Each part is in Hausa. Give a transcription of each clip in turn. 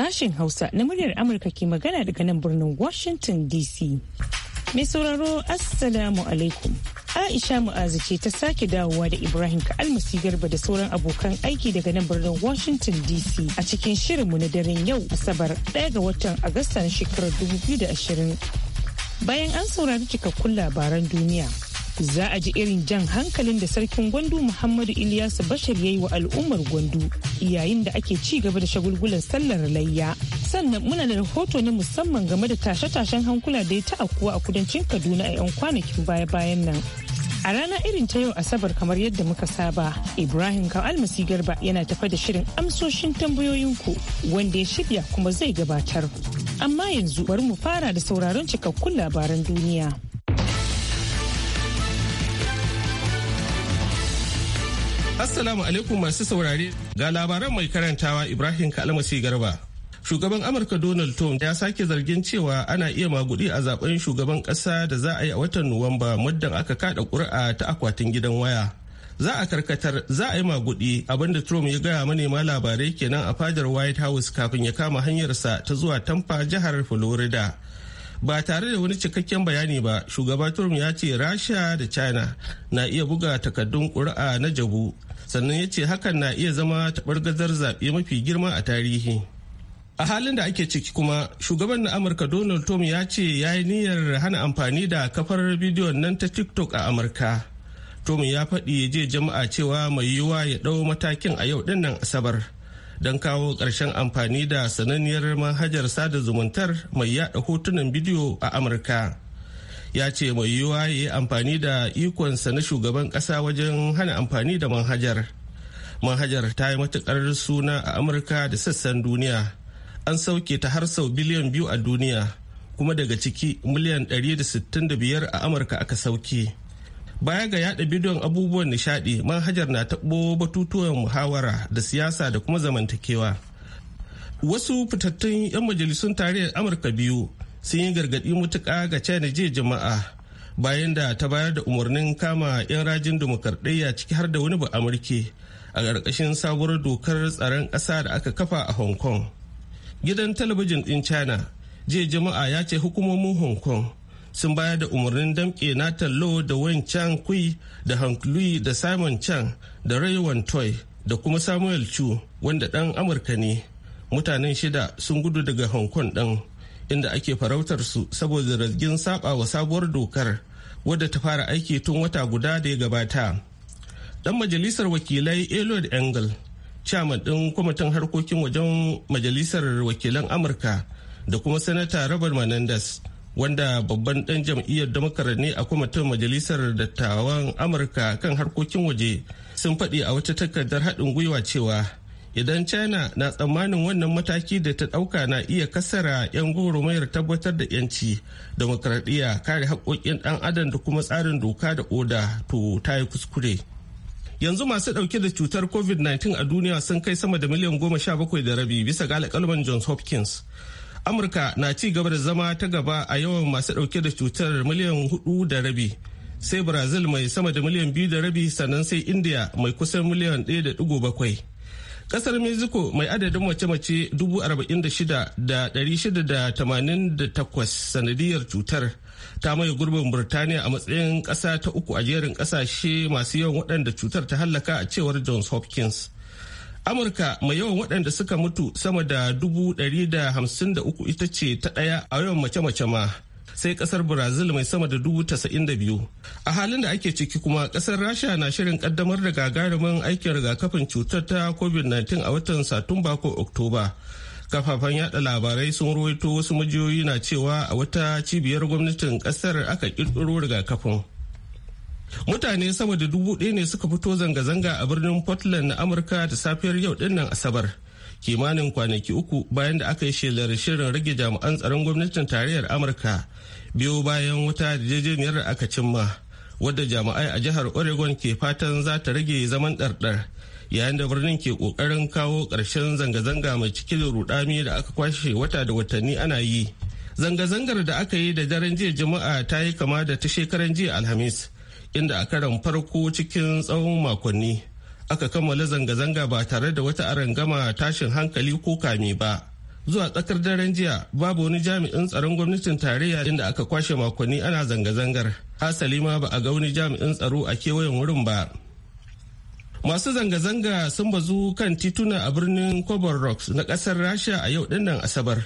Sashen Hausa na muryar Amurka ke magana daga nan birnin Washington DC. Mai sauraro Assalamu alaikum. Aisha Mu'azu ce ta sake dawowa da Ibrahim Ka'almasi Garba da sauran abokan aiki daga nan birnin Washington DC a cikin shirinmu na daren yau Asabar 1 ga watan Agusta na shekarar 2020. Bayan an saurari cikakkun labaran duniya, za a ji irin jan hankalin da sarkin gwandu muhammadu ilyasu bashir ya yi wa al'ummar gwandu yayin da ake ci gaba da shagulgulan sallar layya sannan muna da rahoto na musamman game da tashe-tashen hankula da ya ta akuwa a kudancin kaduna a 'yan kwanakin baya-bayan nan a rana irin ta yau asabar kamar yadda muka saba ibrahim almasi garba yana tafa da shirin amsoshin tambayoyinku wanda ya shirya kuma zai gabatar amma yanzu bari mu fara da sauraron cikakkun labaran duniya. Assalamu alaikum masu saurare ga labaran mai karantawa Ibrahim Kalmasi Garba. Shugaban Amurka Donald Trump ya sake zargin cewa ana iya magudi a zaben shugaban kasa da za a yi a watan Nuwamba muddin aka kada kura ta akwatin gidan waya. Za a karkatar za a yi magudi abinda Trump ya gaya manema labarai kenan a fadar White House kafin ya kama hanyarsa ta zuwa Tampa jihar Florida. ba tare da wani cikakken bayani ba shugaba trump ya ce rasha da china na iya buga takaddun ƙuri'a na jabu sannan ya ce hakan na iya zama taɓargazar zaɓe mafi girma a tarihi a halin da ake ciki kuma shugaban na amurka donald trump ya ce ya yi niyyar hana amfani da kafar bidiyon nan ta tiktok a amurka trump ya faɗi je jama'a cewa mai yiwuwa ya ɗau matakin a yau dinnan asabar don kawo ƙarshen amfani da sananniyar manhajar sada zumuntar mai yada hotunan bidiyo a amurka ya ce mai yiwuwa ya yi amfani da ikonsa na shugaban kasa wajen hana amfani da manhajar manhajar ta yi matukar suna a amurka da sassan duniya an sauke ta har sau biliyan biyu a duniya kuma daga ciki miliyan 165 a amurka aka sauke baya ga yada bidiyon abubuwan nishadi manhajar na taɓo batutuwan muhawara da siyasa da kuma zamantakewa wasu fitattun 'yan majalisun tarayyar amurka biyu sun yi gargaɗi mutuƙa ga china jiya jama'a bayan da ta bayar da umarnin kama 'yan rajin dimokuraɗiyya ciki har da wani ba amurki a ƙarƙashin sabuwar dokar tsaron ƙasa da aka kafa a hong kong gidan talabijin ɗin china jiya jama'a ya ce hukumomin hong kong sun bayar da umarnin damƙe na lo da wen chang kui da hank lui da simon chang da ray toy da kuma samuel chu wanda ɗan amurka ne mutanen shida sun gudu daga hong kong ɗin inda ake farautar su saboda zargin saba wa sabuwar dokar wadda ta fara aiki tun wata guda da ya gabata. Dan majalisar wakilai Elod Engel, chairman ɗin kwamitin harkokin wajen majalisar wakilan Amurka da kuma sanata Robert Menendez, wanda babban ɗan jam'iyyar Damakara ne a kwamitin majalisar dattawan Amurka kan harkokin waje sun faɗi a wata takardar haɗin gwiwa cewa idan china na tsammanin wannan mataki da ta ɗauka na iya kasara 'yan gurmayar tabbatar da 'yanci demokradiyya kare haƙoƙin ɗan adam da kuma tsarin doka da oda to ta yi kuskure yanzu masu ɗauke da cutar covid-19 a duniya sun kai sama da miliyan goma sha bakwai da rabi bisa ga alƙalman johns hopkins amurka na ci gaba da zama ta gaba a yawan masu ɗauke da cutar miliyan hudu da rabi sai brazil mai sama da miliyan biyu da rabi sannan sai india mai kusan miliyan ɗaya da ɗigo bakwai Kasar Mexico mai adadin mace-mace 46,688 sanadiyar cutar ta maye gurbin Burtaniya a matsayin kasa ta uku a jerin kasashe masu yawan waɗanda cutar ta hallaka a cewar Johns Hopkins. Amurka mai yawan waɗanda suka mutu sama da 153 ita ce ta ɗaya a yawan mace-mace ma. sai kasar brazil mai sama da dubu tasa'in da biyu a halin da ake ciki kuma kasar rasha na shirin kaddamar da gagarumin aikin rigakafin cutar ta covid-19 a watan satumba ko oktoba kafafen yada labarai sun ruwaito wasu majiyoyi na cewa a wata cibiyar gwamnatin kasar aka kirkiro rigakafin mutane sama da dubu ɗaya ne suka fito zanga-zanga a birnin portland na amurka da safiyar yau dinnan asabar kimanin kwanaki uku bayan da aka yi shelar shirin rage jami'an tsaron gwamnatin tarayyar amurka biyo bayan wata jejeniyar da aka cimma wadda jami'ai a jihar oregon ke fatan za ta rage zaman ɗarɗar yayin da birnin ke kokarin kawo ƙarshen zanga-zanga mai da rudami da aka kwashe wata da watanni ana yi zanga-zangar da aka yi da daren jiya juma'a ta yi kama da ta shekaran jiya alhamis inda a karan farko cikin tsawon makonni aka kammala zanga-zanga ba tare da wata arangama tashin hankali ko kame ba zuwa tsakar daren jiya babu wani jami'in tsaron gwamnatin tarayya inda aka kwashe makonni ana zanga-zangar hasali ma ba a ga wani jami'in tsaro a kewayen wurin ba masu zanga-zanga sun bazu kan tituna a birnin kobar rocks na kasar rasha a yau dinnan asabar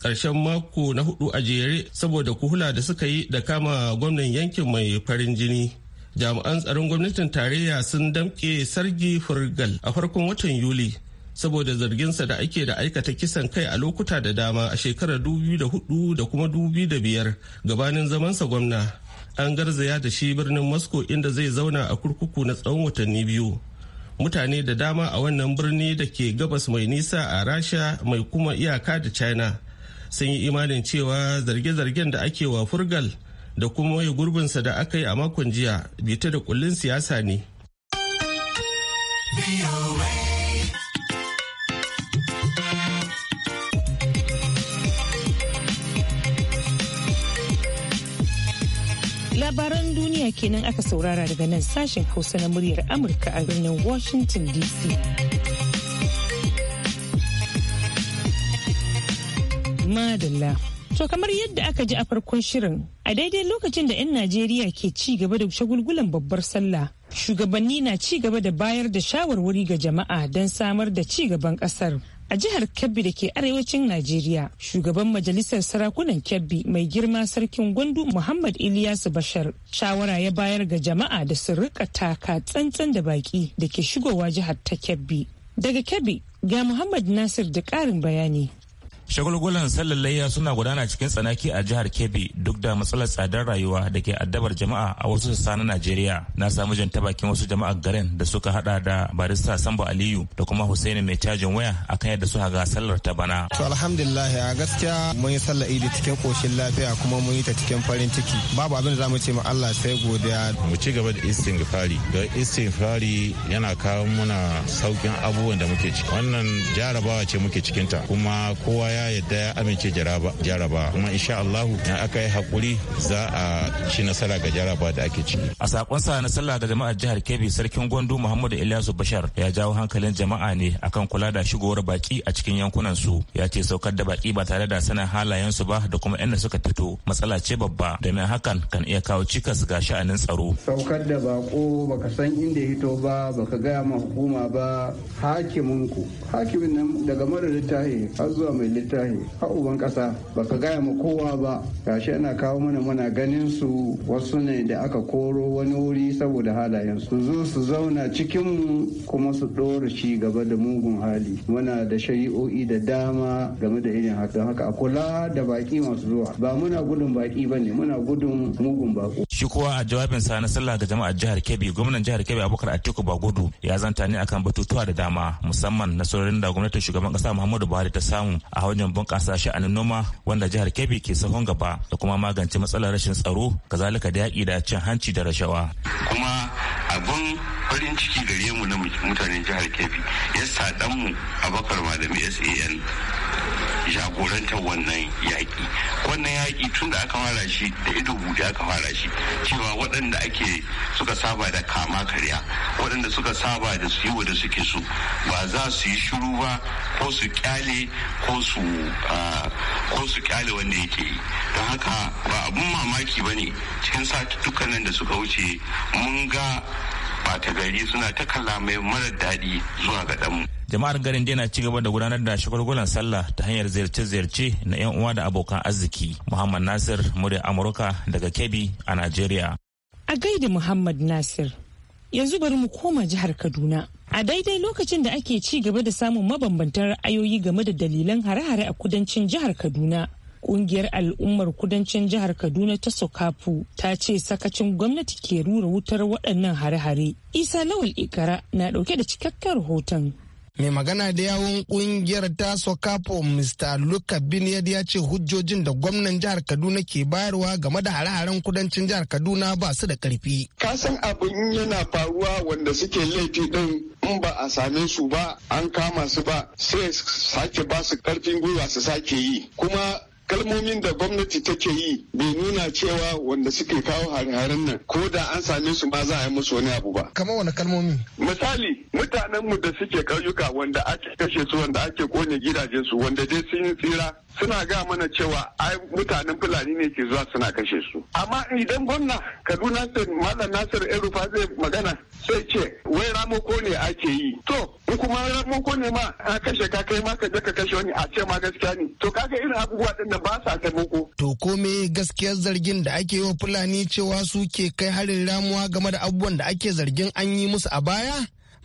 ƙarshen mako na hudu a jere saboda kuhula da suka yi da kama gwamnan yankin mai farin jini jami'an tsaron gwamnatin tarayya sun damƙe sargi furgal a farkon watan yuli saboda zarginsa da ake da aikata kisan kai a lokuta da dama a shekarar 2004 da kuma 2005 gabanin zamansa gwamna an garzaya da shi birnin masko inda zai zauna a kurkuku na tsawon watanni biyu mutane da dama a wannan birni da ke gabas mai nisa a rasha mai kuma iyaka da china sun yi imanin cewa zarge-zargen da ake wa furgal da kuma waye gurbinsa da aka yi a makon jiya bita da kullin siyasa ne. Labaran duniya kenan aka saurara daga nan sashen Hausa na muryar Amurka a birnin Washington DC. Madalla. To kamar yadda aka ji a farkon shirin, a daidai lokacin da 'yan Najeriya ke ci gaba da shagulgulan babbar sallah, shugabanni na ci gaba da bayar da shawarwari ga jama'a don samar da ci gaban kasar. A jihar Kebbi da ke arewacin Najeriya, shugaban majalisar sarakunan Kebbi mai girma sarkin gwandu Muhammad Ilyasu Bashar shawara ya bayar ga jama'a da su rika taka tsantsan da baki da ke shigowa jihar ta Kebbi. Daga Kebbi ga Muhammad Nasir da ƙarin bayani. shagulgulan sallar layya suna gudana cikin tsanaki a jihar kebbi duk da matsalar tsadar rayuwa da ke addabar jama'a a wasu sassa na najeriya na samu jan ta bakin wasu jama'a garin da suka hada da barista sambo aliyu da kuma husaini mai cajin waya akan yadda suka ga sallar ta bana to alhamdulillah a gaskiya mun yi sallar idi cikin koshin lafiya kuma mun yi ta cikin farin ciki babu abin da za mu ce ma Allah sai godiya mu ci gaba da istighfari don istighfari yana kawo muna saukin abubuwan da muke ciki wannan jarabawa ce muke cikin ta kuma kowa ya yadda ya amince jaraba kuma insha Allahu in aka yi hakuri za a ci nasara ga jaraba da ake ciki a sa na sallah da jama'ar jihar Kebbi sarkin Gondo Muhammadu Ilyasu Bashar ya jawo hankalin jama'a ne akan kula da shigowar baki a cikin yankunan su ya ce saukar da baki ba tare da sanin halayen su ba da kuma inda suka fito matsala ce babba domin hakan kan iya kawo cikas ga sha'anin tsaro saukar da bako baka san inda hito ba baka gaya ma hukuma ba hakimin ku hakimin nan daga mara littafi har zuwa mai lillahi a uban kasa ka gaya ma kowa ba gashi ana kawo mana mana ganin su wasu ne da aka koro wani wuri saboda halayen su zo su zauna cikin mu kuma su dora shi gaba da mugun hali muna da shari'o'i da dama game da irin haka haka a kula da baki masu zuwa ba muna gudun baki ba ne muna gudun mugun bako shi kuwa a jawabin sa na sallah ga jama'ar jihar kebbi gwamnan jihar kebbi abubakar atiku bagudu ya zanta ne akan batutuwa da dama musamman nasarorin da gwamnatin shugaban kasa muhammadu buhari ta samu a wajen bunƙasa sha'anin noma wanda jihar Kebbi ke sahon gaba da kuma magance matsalar rashin tsaro kazalika da yaƙi da cin hanci da rashawa. Kuma abin farin ciki gare mu na mutanen jihar Kebbi ya sadan mu abakar malami SAN jagorantar wannan yaƙi wannan yaƙi tun da aka fara shi da ido buɗe aka fara shi cewa waɗanda ake suka saba da kama karya waɗanda suka saba da su yi da suke so ba za su yi shiru ba ko su kyale ko su ko su kyale wanda yake yi don haka ba abun mamaki ba ne cikin satuttukan nan da suka wuce mun ga bata gari suna ta kalla mai mara daɗi zuwa ga ɗanmu. jama'ar garin dai na ci gaba da gudanar da shagulgulan sallah ta hanyar ziyarce-ziyarce na 'yan uwa da abokan arziki muhammad nasir murya amurka daga kebbi a najeriya a gaida muhammad nasir yanzu bari mu koma jihar kaduna a daidai lokacin da ake ci gaba da samun mabambantan ra'ayoyi game da dalilan hare-hare a kudancin jihar kaduna kungiyar al'ummar kudancin jihar kaduna ta Sokapu, ta ce sakacin gwamnati ke rura wutar waɗannan hare-hare isa lawal ikara na ɗauke da cikakken rahoton mai magana da yawon kungiyar ta Sokapu, mr luka biniyad ya ce hujjojin da gwamnan jihar kaduna ke bayarwa game da hare-haren kudancin jihar kaduna ba su da karfi kasan abin yana faruwa wanda suke laifi din in ba a same su ba an kama su ba sai sake ba su karfin gwiwa su sake yi kuma kalmomin da gwamnati take yi bai nuna cewa wanda suke kawo hare-haren nan ko da an same su ma za a yi musu wani abu ba kamar wani kalmomi misali mutanen da suke ƙauyuka wanda ake kashe su wanda ake kone gidajen su wanda dai sun yi tsira suna ga mana cewa ai mutanen fulani ne ke zuwa suna kashe su amma idan gwamna kaduna state malam nasir ero kashe ka kai ma ka ka kashe wani a ce ma gaskiya ne to kaga irin abubuwa din da ba sa taimako. to ko me gaskiyar zargin da ake yi wa fulani cewa su ke kai harin ramuwa game da abubuwan da ake zargin an yi musu a baya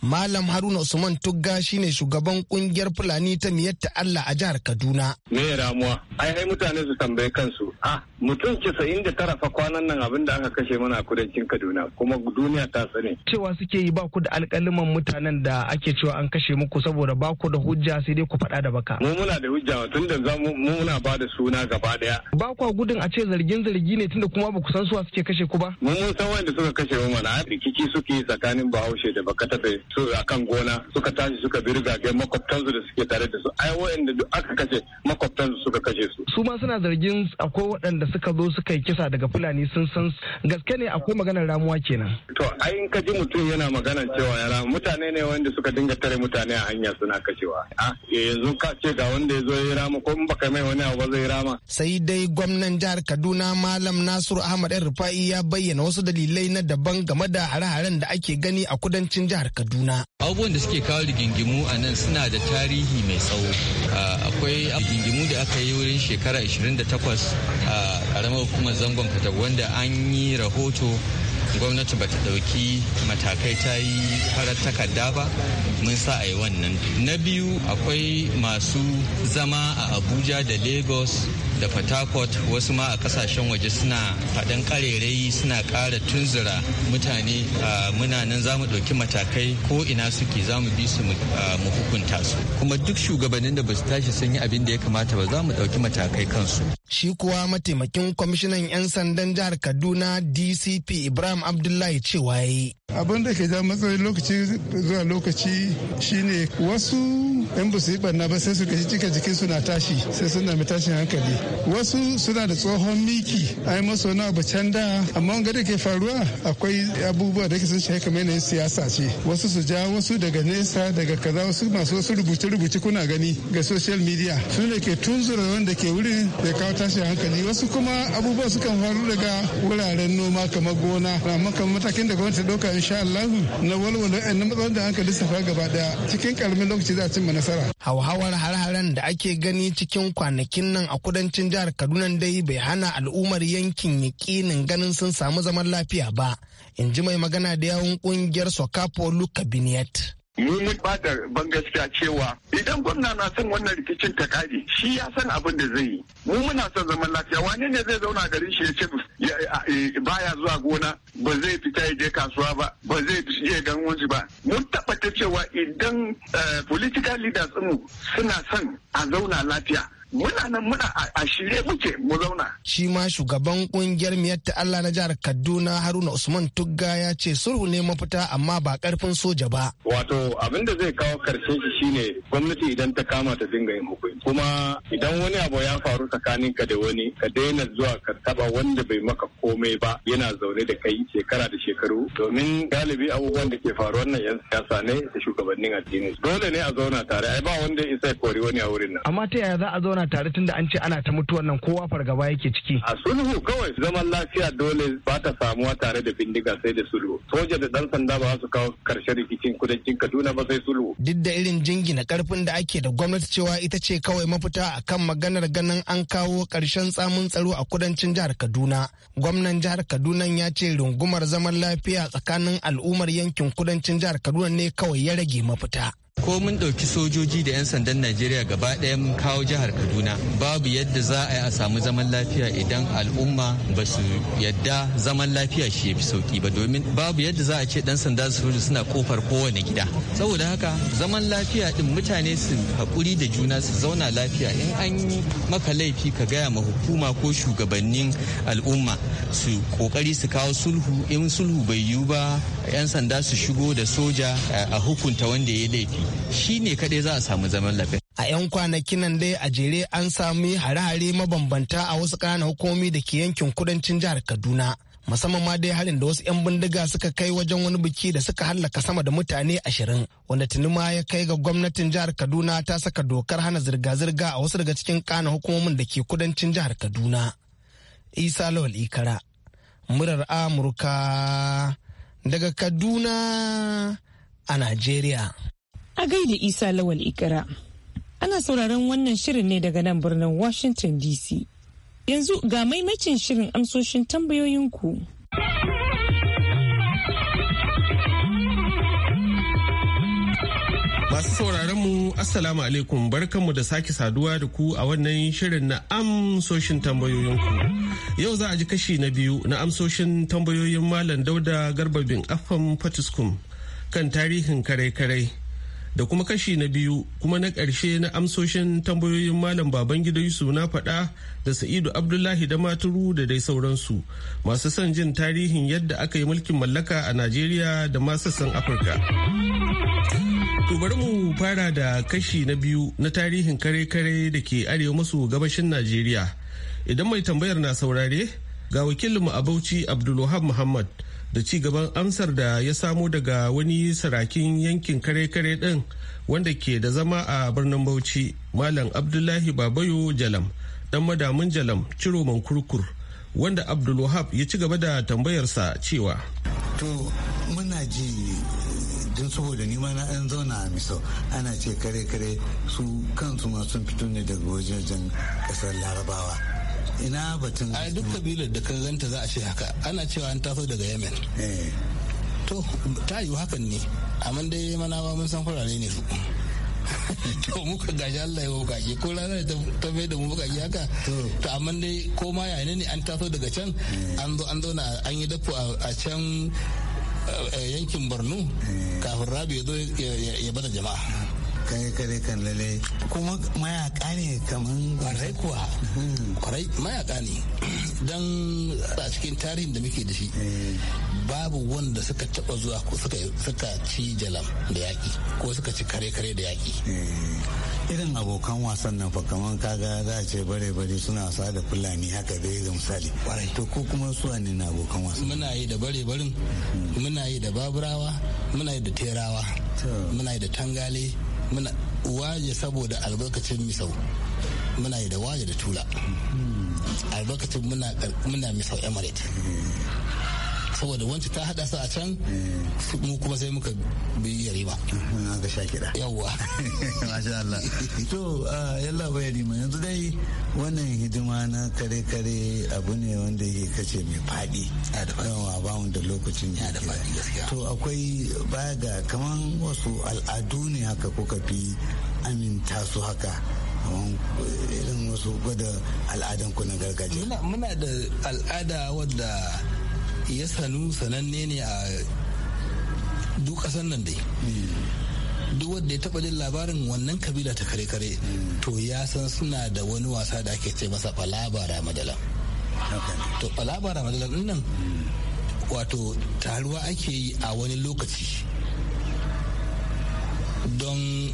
Malam Haruna Usman Tugga shine shugaban kungiyar Fulani ta miyatta Allah a jihar Kaduna. Me ramuwa? Ai ai mutane su tambaye kansu. Ah, mutum casa'in da tara fa kwanan nan abinda aka kashe mana a kudancin Kaduna kuma duniya ta sani. Cewa suke yi ba ku da alƙaliman mutanen da ake cewa an kashe muku saboda ba ku da hujja sai dai ku faɗa da baka. Mu muna da hujja tun da mu muna ba da suna gaba daya. Ba ku gudun a ce zargin zargi ne tunda kuma ba ku san suwa suke kashe ku ba. Mu mun san wanda suka kashe mu mana rikici suke tsakanin Bahaushe da Bakatafe su a kan gona suka tashi suka bi rigage makwabtansu da suke tare da su ai wa'anda duk aka kashe makwabtansu suka kashe su su ma suna zargin akwai waɗanda suka zo suka yi kisa daga fulani sun san gaske ne akwai maganar ramuwa kenan to ai in ka ji mutum yana maganar cewa ya ramu mutane ne wanda suka dinga tare mutane a hanya suna kashewa a ah, eh, yanzu ka ce ga wanda ya zo ya rama ko in baka mai wani abu ba zai rama sai dai gwamnan jihar Kaduna Malam Nasiru Ahmad Rufa'i ya bayyana wasu dalilai na daban game da hare-haren da ake gani a kudancin jihar Kaduna Kaduna. Abubuwan da suke kawo rigingimu a nan suna da tarihi mai tsawo. Ah, akwai rigingimu da aka yi wurin shekara 28 ah, a ƙaramar hukumar zangon wanda an yi rahoto gwamnati bata ɗauki matakai ta yi farar takarda ba mun sa a yi wannan na biyu akwai masu zama a abuja da lagos da fatakot wasu ma a kasashen waje suna faɗan ƙarerai suna ƙara tunzura mutane muna nan za mu ɗauki matakai ko ina suke za mu bi su mu hukunta su kuma duk shugabannin da ba su tashi sun yi abin da ya kamata ba za mu ɗauki matakai kansu shi kuwa mataimakin kwamishinan 'yan sandan jihar kaduna dcp ibrahim Abdullahi cewa yi Abin da ke ja matsayin lokaci zuwa lokaci shine wasu yan ba su yi barna ba sai su gaji cika jikin suna tashi sai suna mai tashin hankali. Wasu suna da tsohon miki yi maso na abu can da amma wanga da ke faruwa akwai abubuwa da ke sun shafi kamar yanayin siyasa ce. Wasu su ja wasu daga nesa daga kaza wasu masu wasu rubuce-rubuce kuna gani ga social media su ne ke tunzura wanda ke wurin da kawo tashin hankali wasu kuma abubuwa sukan faru daga wuraren noma kamar gona makon matakin da gwamnati ɗauka insha Allah na walwala na matsalar da an ka lissafa gaba daya cikin karamin lokaci za a cimma nasara. Hauhawar har-haren da ake gani cikin kwanakin nan a kudancin jihar Kaduna dai bai hana al'ummar yankin yakinin ganin sun samu zaman lafiya ba. In ji mai magana da yawun kungiyar Sokapo Luka Biniyat. ni ba da ban gaskiya cewa idan gwamna na son wannan rikicin ta kare shi ya san abin da zai yi mu muna son zaman lafiya wani ne zai zauna garin shi ya ce baya zuwa gona ba zai fita ya je kasuwa ba ba zai je gan wani ba mun tabbata cewa idan eh, political leaders mu suna son a zauna lafiya muna nan muna a shirye muke mu zauna. Shi ma shugaban kungiyar miyar ta Allah na jihar Kaduna Haruna Usman Tugga ya ce sulhu ne mafita amma ba karfin soja ba. Wato abin da zai kawo karshe shi shine gwamnati idan ta kama ta dinga yin hukunci. Kuma idan wani abu ya faru tsakanin ka da wani ka daina zuwa ka taba wanda bai maka komai ba yana zaune da kai shekara da shekaru domin galibi abubuwan da ke faruwa nan yan siyasa ne da shugabannin addini. Dole ne a zauna tare ai ba wanda ya isa kori wani a wurin nan. Amma ta yaya za a zauna tare tunda an ce ana ta mutuwan nan kowa fargaba yake ciki a sulhu kawai zaman lafiya dole ba ta samuwa tare da bindiga sai da sulhu soja da dan sanda ba su kawo karshe rikicin kudancin kaduna ba sai sulhu duk da irin jingina karfin da ake da gwamnati cewa ita ce kawai mafita akan maganar ganin an kawo karshen tsamin tsaro a kudancin jihar kaduna gwamnan jihar kaduna ya ce rungumar zaman lafiya tsakanin al'ummar yankin kudancin jihar kaduna ne kawai ya rage mafita Ko mun ɗauki sojoji da 'yan sandan Najeriya gaba ɗaya mun kawo jihar Kaduna babu yadda za a yi a samu zaman lafiya idan al'umma ba su yadda zaman lafiya shi ya fi sauki ba domin babu yadda za a ce ɗan sanda su soja suna kofar kowane gida. Saboda haka zaman lafiya ɗin mutane su haƙuri da juna su zauna lafiya in an yi maka laifi ka gaya ma hukuma ko shugabannin al'umma su ƙoƙari su kawo sulhu in sulhu bai yiwu ba 'yan sanda su shigo da soja a hukunta wanda ya laifi shi ne kaɗai za a samu zaman lafiya. A 'yan kwanakin nan dai a jere an sami hare-hare mabambanta a wasu ƙananan hukumomi da ke yankin kudancin jihar Kaduna. musamman ma dai harin da wasu 'yan bindiga suka kai wajen wani biki da suka hallaka sama da mutane ashirin wanda tuni ma ya kai ga gwamnatin jihar kaduna ta saka dokar hana zirga-zirga a wasu daga cikin ƙananan hukumomin da ke kudancin jihar kaduna isa lawal ikara murar amurka daga kaduna a najeriya A gaida Isa Lawal Ikira. Ana sauraron wannan shirin ne daga nan birnin Washington DC. Yanzu ga maimacin shirin amsoshin tambayoyinku. Masu sauraron mu Assalamu alaikum barkanmu da sake saduwa da ku a wannan shirin na amsoshin tambayoyinku. Yau za a ji kashi na biyu na amsoshin tambayoyin Malam Dauda Garba bin Affan kan tarihin kare-kare. da kuma kashi na biyu kuma na ƙarshe na amsoshin tambayoyin malam baban gida yusuf na faɗa da sa'idu abdullahi da maturu da dai sauransu masu son jin tarihin yadda aka yi mulkin mallaka a najeriya da masu son afirka To bari mu fara da kashi na biyu na tarihin kare-kare da ke arewa maso gabashin najeriya idan mai tambayar na saurare ga wakilinmu a bauchi abdulwahab muhammad da ci gaban amsar da ya samo daga wani sarakin yankin kare-kare din wanda ke da zama a birnin bauchi malam abdullahi babayo jalam dan madamin jalam ciroman kurkur wanda abdulwahab ya ci gaba da tambayarsa cewa to muna ji don saboda nima na an zauna a miso ana ce kare-kare su kansu ma sun fito ne daga wajen kasar larabawa ina batun ai duk kabilar da ka ganta za a ce haka ana cewa an taso daga yemen eh. to ta yiwu hakan ne amma dai manawa mun san farare ne su to muka gaji Allah ya bukaki ko ranar ta mai da mu bukaki haka to amma dai ko ma yayin ne an taso daga can eh. an zo an zauna an yi dafu a can eh, yankin borno kafin rabi ya zo ya bada jama'a kai kare kan lalle kuma mayaka ne kaman kwarai kuwa hmm. kwarai mayaka ne dan a cikin tarihin da muke da shi eh. babu wanda suka taba zuwa ko suka ci jalam da yaki ko suka ci kare kare da yaki eh. irin abokan wasan nan fa kaman kaga za a ce bare bare suna wasa da fulani haka dai ga misali to ko kuma su ne na abokan wasan muna yi da bare barin hmm. muna yi da baburawa muna yi da terawa muna yi da tangale muna waje saboda albarkacin misau muna yi da waje da tula hmm. albarkacin muna misau emirate saboda wancan ta hada su a can mu kuma sai muka bi yare ba ga sha kiɗa yawwa masha Allah to yalla bai rima yanzu dai wannan hidima na kare kare abu ne wanda yake kace mai da yawa ba mu da lokacin ya da fadi gaskiya to akwai baya ga kaman wasu al'adu ne haka ka bi aminta su haka kamar eh, irin wasu gwada al'adanku na gargajiya muna da al'ada wadda ya sanu sananne ne a duk ƙasar nan dai duk wanda ya taba jin labarin wannan kabila ta kare kare to ya san suna da wani wasa da ake ce masa falaba ramadala to falaba ramadala din nan wato taruwa ake yi a wani lokaci don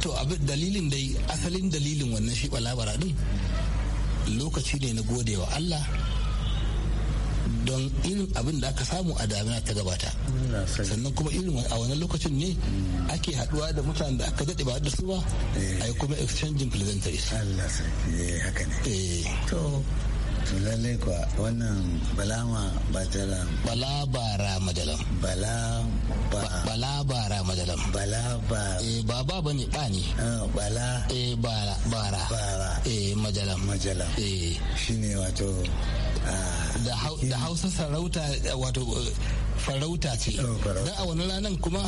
to abin dalilin dai asalin dalilin wannan shi balabara din lokaci ne na godewa Allah don irin abin da aka samu a damina ta gabata sannan kuma irin a wani lokacin ne mm. ake haduwa da mutanen da aka daɗe ba da su ba eh. ai kuma exchanging pleasantries Allah sarki eh, haka ne eh. to lalle kwa wannan balama ba dalam bala bara madalam bala ba bala bara madalam bala ba eh baba bane ba ne ah, bala eh bara bara bara eh madalam madalam eh shine wato da hausa sarauta wato eh, farauta ce oh, don a wani ranar kuma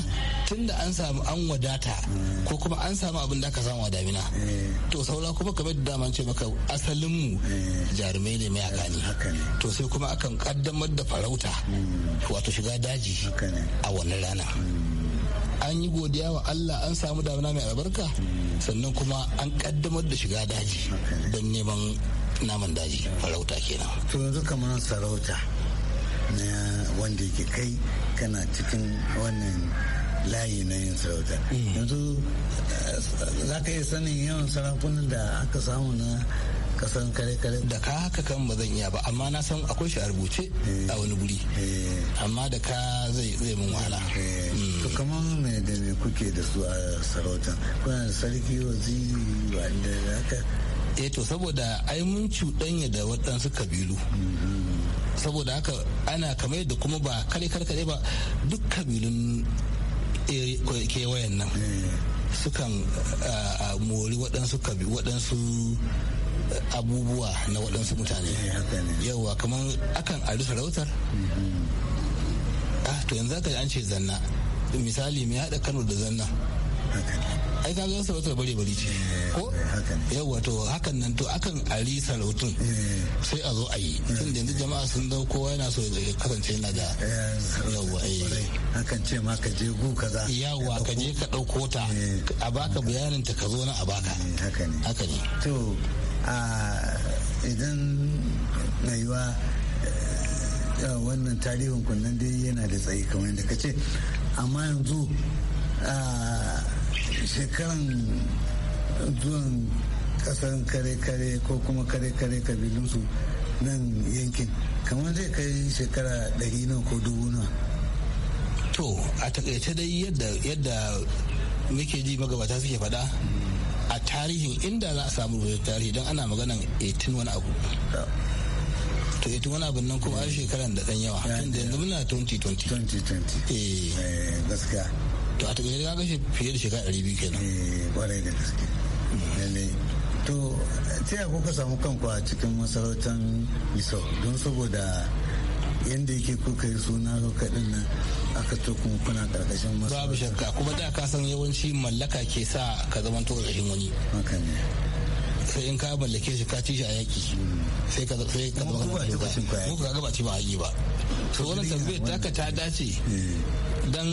tun da an samu an wadata mm. ko kuma an samu abin da aka samu a damina eh. to saura kuma kamar da daman ce maka asalinmu eh. jarumai ne mayaka ne to sai kuma akan kaddamar da farauta mm. wato shiga daji a wani rana mm. an yi godiya wa Allah an samu damina mai albarka sannan kuma an kaddamar da shiga daji don neman naman daji farauta kenan to yanzu kamar sarauta na wanda ke kai kana cikin wannan layi na yin sarauta mm. yanzu eh, za ka yi sanin yawan sarakunan da aka samu na kasan kare-kare da ka haka kan ba zan iya ba amma na san akwai shi a rubuce eh. a wani guri eh. amma da ka zai zai mun wahala mm. to kamar me da me kuke da su a sarautan kuna da sarki waziri wanda haka e to saboda ai mun cuɗanya da waɗansu kabilu saboda haka ana kamar da kuma ba kare kare ba duk kabilun eh, kewayen nan sukan eh, mori waɗansu waɗansu abubuwa na waɗansu mutane yawa kamar akan ari sarautar mm-hmm. ah, to yanzu aka an ce zanna misali mai haɗa kano da zanna ai ka gan sarautar bare bare ce eh, ko eh, yawa to hakan nan to akan ari sarautun eh. sai a zo a yi tun da yanzu jama'a sun dau kowa yana so ya kasance yana da yawa eh hakan ce ma ka je gu kaza yawa ka je ka dauko ta a baka bayanin ta ka zo na a baka haka ne haka ne to a idan na yiwa wannan tarihin kunnan dai yana da tsayi kamar yadda ka ce amma yanzu shekaran zuwan kasan kare-kare ko kuma kare-kare kabilunsu nan yankin kamar zai kai shekara ɗari nan ko dubu nan to a takaice dai yadda muke ji magabata suke faɗa a tarihin inda za a samu rubutu tarihi don ana maganan 18 wani abu to 18 wani abu nan kuma a eh. shekaran da ɗan yawa tun da yanzu muna 2020 eh. eh gaskiya to a takaice ya gashi fiye da shekara ɗari biyu kenan kwarai eh, da gaske Lalle to ta yaya kuka samu kanku a cikin masarautar misau don saboda yadda yake kuka yi suna kuka din nan aka to kuma kuna karkashin masu babu shakka kuma da ka san yawanci mallaka ke sa ka zama to karkashin wani sai in ka mallake shi ka ci shi a yaki sai ka sai ka zama karkashin ka mu ka gaba ci ba a yi ba to wannan tambayar taka ta dace eh. dan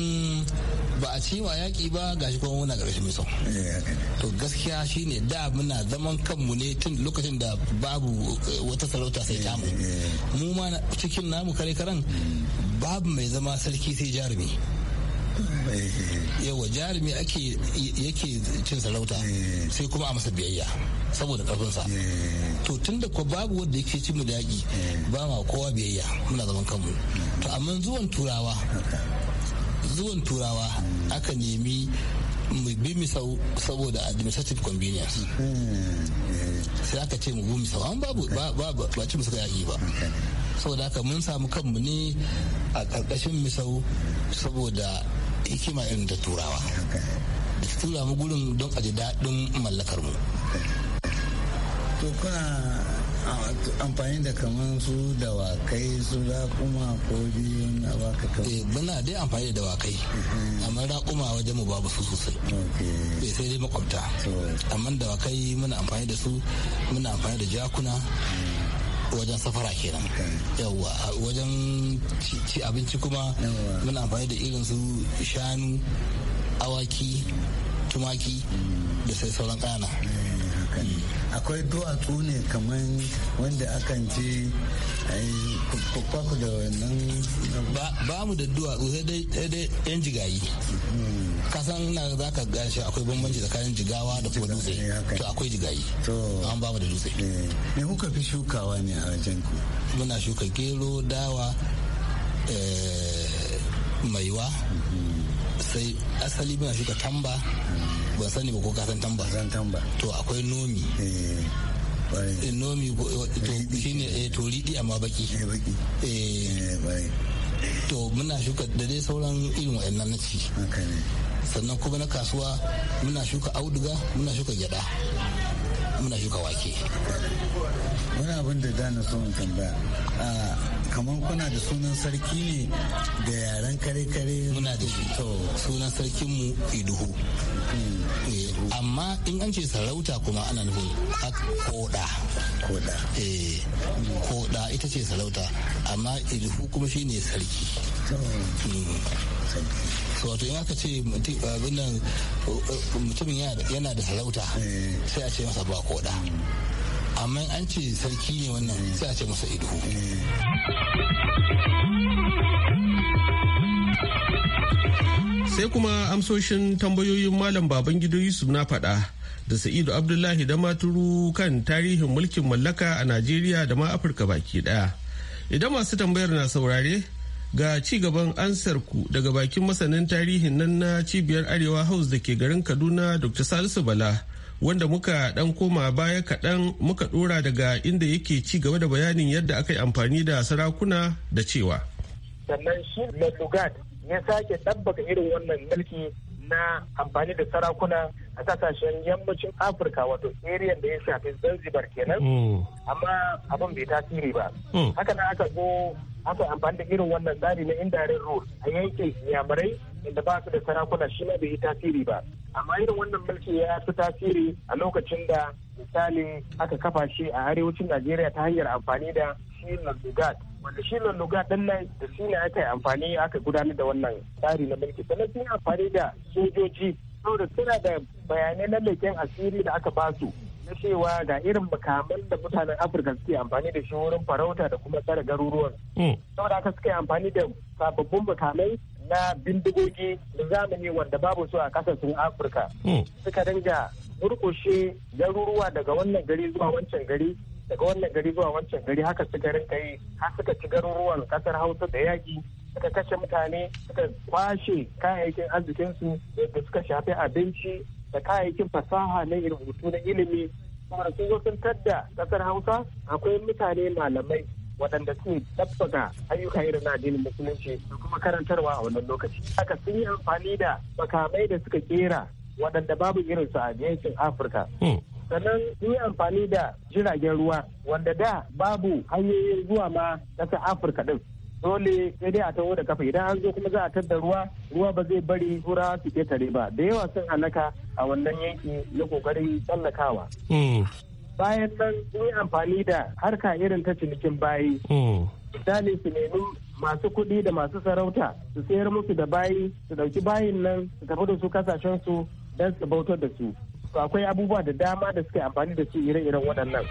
ba a ci wa yaƙi ba gashi kuma muna ƙarshen mai son eh, to gaskiya shi ne da muna zaman kanmu ne tun lokacin da babu eh, wata sarauta sai eh, tamu mu ma cikin namu kare karan babu mai zama sarki sai jarumi yawa jarumi ake yake cin sarauta sai kuma a masa biyayya saboda karfinsa to tun da babu wanda yake cin yaƙi ba ma kowa biyayya muna zaman kanmu to amma zuwan turawa zuwan turawa aka nemi mu bi misau saboda administrative convenience sai aka ce mu bi misau an babu ba ci musu yaki ba saboda haka mun samu kanmu ne a karkashin misau saboda hikima irin da turawa da tura mu gurin don aji daɗin mallakar mu to kuna amfani da kamar su dawakai su raƙuma ko biyun a baka kawai. eh muna dai amfani da dawakai mm-hmm. amma raƙuma wajen mu babu su sosai eh sai dai makwabta amma dawakai muna amfani da su muna amfani da jakuna mm. wajen safara kenan yawa wajen ci abinci kuma muna amfani da irin su shanu awaki tumaki mm. da sai sauran kana akwai duwatsu ne kamar wanda akan ce kwakwaku da wannan ba mu da duwatsu sai dai yan jigayi hmm. kasan na za ka gashi akwai bambanci tsakanin jigawa da kuma dutse to akwai jigayi an ba mu da dutse ne eh, kuka fi shukawa ne a wajen ku muna shuka gero dawa eh, maiwa hmm. sai asali muna shuka tamba hmm. ba sani ba ko ka san tamba san tamba to akwai nomi eh, eh nomi eh, to shine eh to ridi amma baki eh, eh. to muna shuka da dai sauran irin wayannan na ci sannan kuma na kasuwa muna shuka auduga muna shuka gyada muna shuka wake wani abin da dana so in tambaya kamar kuna da sunan sarki ne da yaren kare-kare muna da sunan sarkinmu iduhu hmm. eh, amma in an ce sarauta kuma ana nufin koda koda eh koda ita ce sarauta amma iduhu kuma shine sarki to wato in aka ce mutumin yana da sarauta sai a ce masa ba koda amma an ce sarki ne wannan sai a ce masa ido sai kuma amsoshin tambayoyin malam baban gido yusuf na faɗa da sa'idu abdullahi da maturu kan tarihin mulkin mallaka a najeriya da ma afirka baki daya idan masu tambayar na saurare ga ci gaban ansar ku daga bakin masanin tarihin nan na cibiyar arewa house da ke garin kaduna dr salisu bala wanda muka dan koma baya kaɗan muka ɗora daga inda yake ci gaba da bayanin yadda aka yi amfani da sarakuna da cewa sannan shi lelugat ya sake ɗabbaka irin wannan mulki na amfani da sarakuna a kasashen yammacin afirka wato area da ya shafi zanzibar kenan mm. amma abin bai tasiri ba mm. haka na aka zo aka amfani da irin wannan tsari na indirect rule a yankin yamurai inda ba su da sarakuna shi ne bai yi tasiri ba amma irin wannan mulki ya fi tasiri a lokacin da misali aka kafa shi a arewacin najeriya ta hanyar amfani da shi lugat wanda shi lugat din nan da shi ne aka yi amfani aka gudanar da wannan tsari na mulki sannan sun amfani da sojoji saboda suna da bayanai na leken asiri da aka basu na cewa ga irin makaman da mutanen afirka suke amfani da shi wurin farauta da kuma tsare garuruwan hmm. saboda haka suke amfani da sababbin makamai na bindigogi da zamani wanda babu su a kasashen afirka hmm. suka dinga murkushe garuruwa daga wannan gari zuwa wancan gari daga wannan gari zuwa wancan gari haka suka rinka yi har suka ci garuruwan kasar hausa da yaƙi suka kashe mutane suka kwashe kayayyakin arzikinsu da suka shafi abinci da kayayyakin fasaha na rubutu na ilimi kuma sun zo sun tadda kasar hausa akwai mutane malamai waɗanda suke tabbata ayyuka irin na addinin musulunci da kuma karantarwa a wannan lokaci haka sun yi amfani da makamai da suka kera waɗanda babu irin su a yankin afirka hmm. sannan sun yi amfani da jiragen ruwa wanda da babu hanyoyin zuwa ma ƙasar afirka ɗin. dole sai dai a taho da kafa idan an zo kuma za a tadda ruwa ruwa ba zai bari tura su tare ba da yawa sun halaka a wannan yanki na kokarin tsallakawa hmm. bayan nan sun yi amfani da harka irin ta cinikin bayi hmm. misali su nemi masu kuɗi da masu sarauta su sayar musu da bayi su dauki bayin nan su tafi da su kasashen su don su bautar da su akwai abubuwa da dama da suke amfani da su ire-iren waɗannan.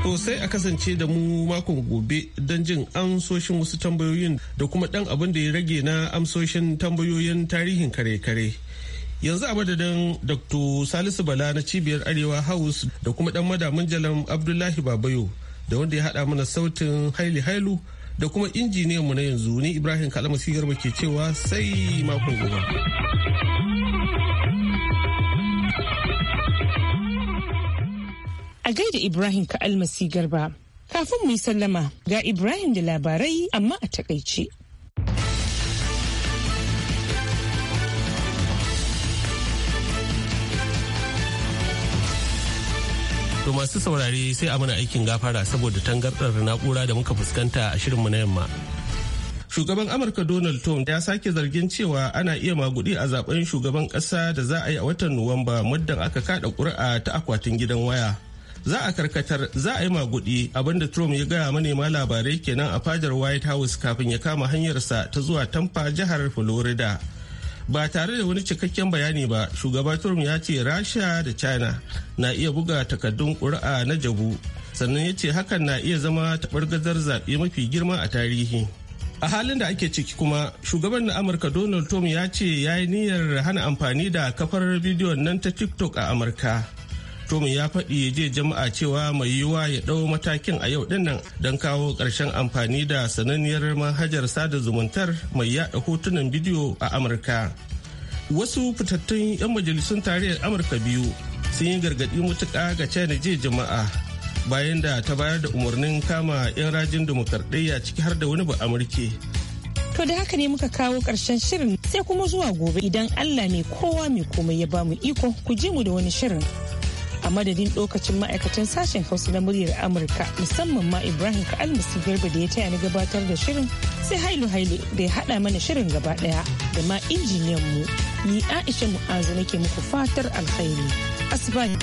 To sai a kasance da mu makon gobe don jin amsoshin wasu tambayoyin da kuma ɗan abin da ya rage na amsoshin tambayoyin tarihin kare-kare. Yanzu a madadin Dr. Salisu Bala na Cibiyar Arewa House da kuma ɗan madamin jalam Abdullahi Babayo da wanda ya haɗa mana sautin Haili Hailu da kuma mu na yanzu ni Ibrahim Kalamasi Garba ke cewa sai makon gobe. a gaida Ibrahim ka almasi garba. Kafin mu yi sallama ga Ibrahim da labarai amma a takaice. To masu saurare sai a mana aikin gafara saboda tangarɗar na'ura da muka fuskanta a shirinmu na yamma. Shugaban Amurka Donald Trump ya sake zargin cewa ana iya magudi a zaben shugaban ƙasa da za a yi a watan Nuwamba muddin aka kada ƙuri'a ta akwatin gidan waya. za a karkatar za a yi magudi abinda trump ya gaya manema labarai kenan a fadar white house kafin ya kama hanyarsa ta zuwa tampa jihar florida ba tare da wani cikakken bayani ba shugaba trump ya ce rasha da china na iya buga takaddun ƙuri'a na jabu sannan ya ce hakan na iya zama taɓargazar zaɓe mafi girma a tarihi a halin da ake ciki kuma shugaban na amurka donald trump ya ce ya yi niyyar hana amfani da kafar bidiyon nan ta tiktok a amurka Tomi ya faɗi je jama'a cewa mai yiwuwa ya ɗau matakin a yau dinnan don kawo ƙarshen amfani da sananniyar manhajar sada zumuntar mai yaɗa hotunan bidiyo a Amurka. Wasu fitattun 'yan majalisun tarayyar Amurka biyu sun yi gargaɗi mutuƙa ga China jiya jama'a bayan da ta bayar da umarnin kama 'yan rajin dimokuraɗiyya ciki har da wani ba Amurke. To da haka ne muka kawo karshen shirin sai kuma zuwa gobe idan Allah mai kowa mai komai ya bamu iko ku je mu da wani shirin. a madadin lokacin ma'aikatan sashen hausa na muryar amurka musamman ma ibrahim Ka'al garba da ya taya ni gabatar da shirin sai hailu hailu da ya haɗa mana shirin gaba ɗaya da ma injiniyan mu ni aisha mu'azu nake muku fatar alkhairi asibani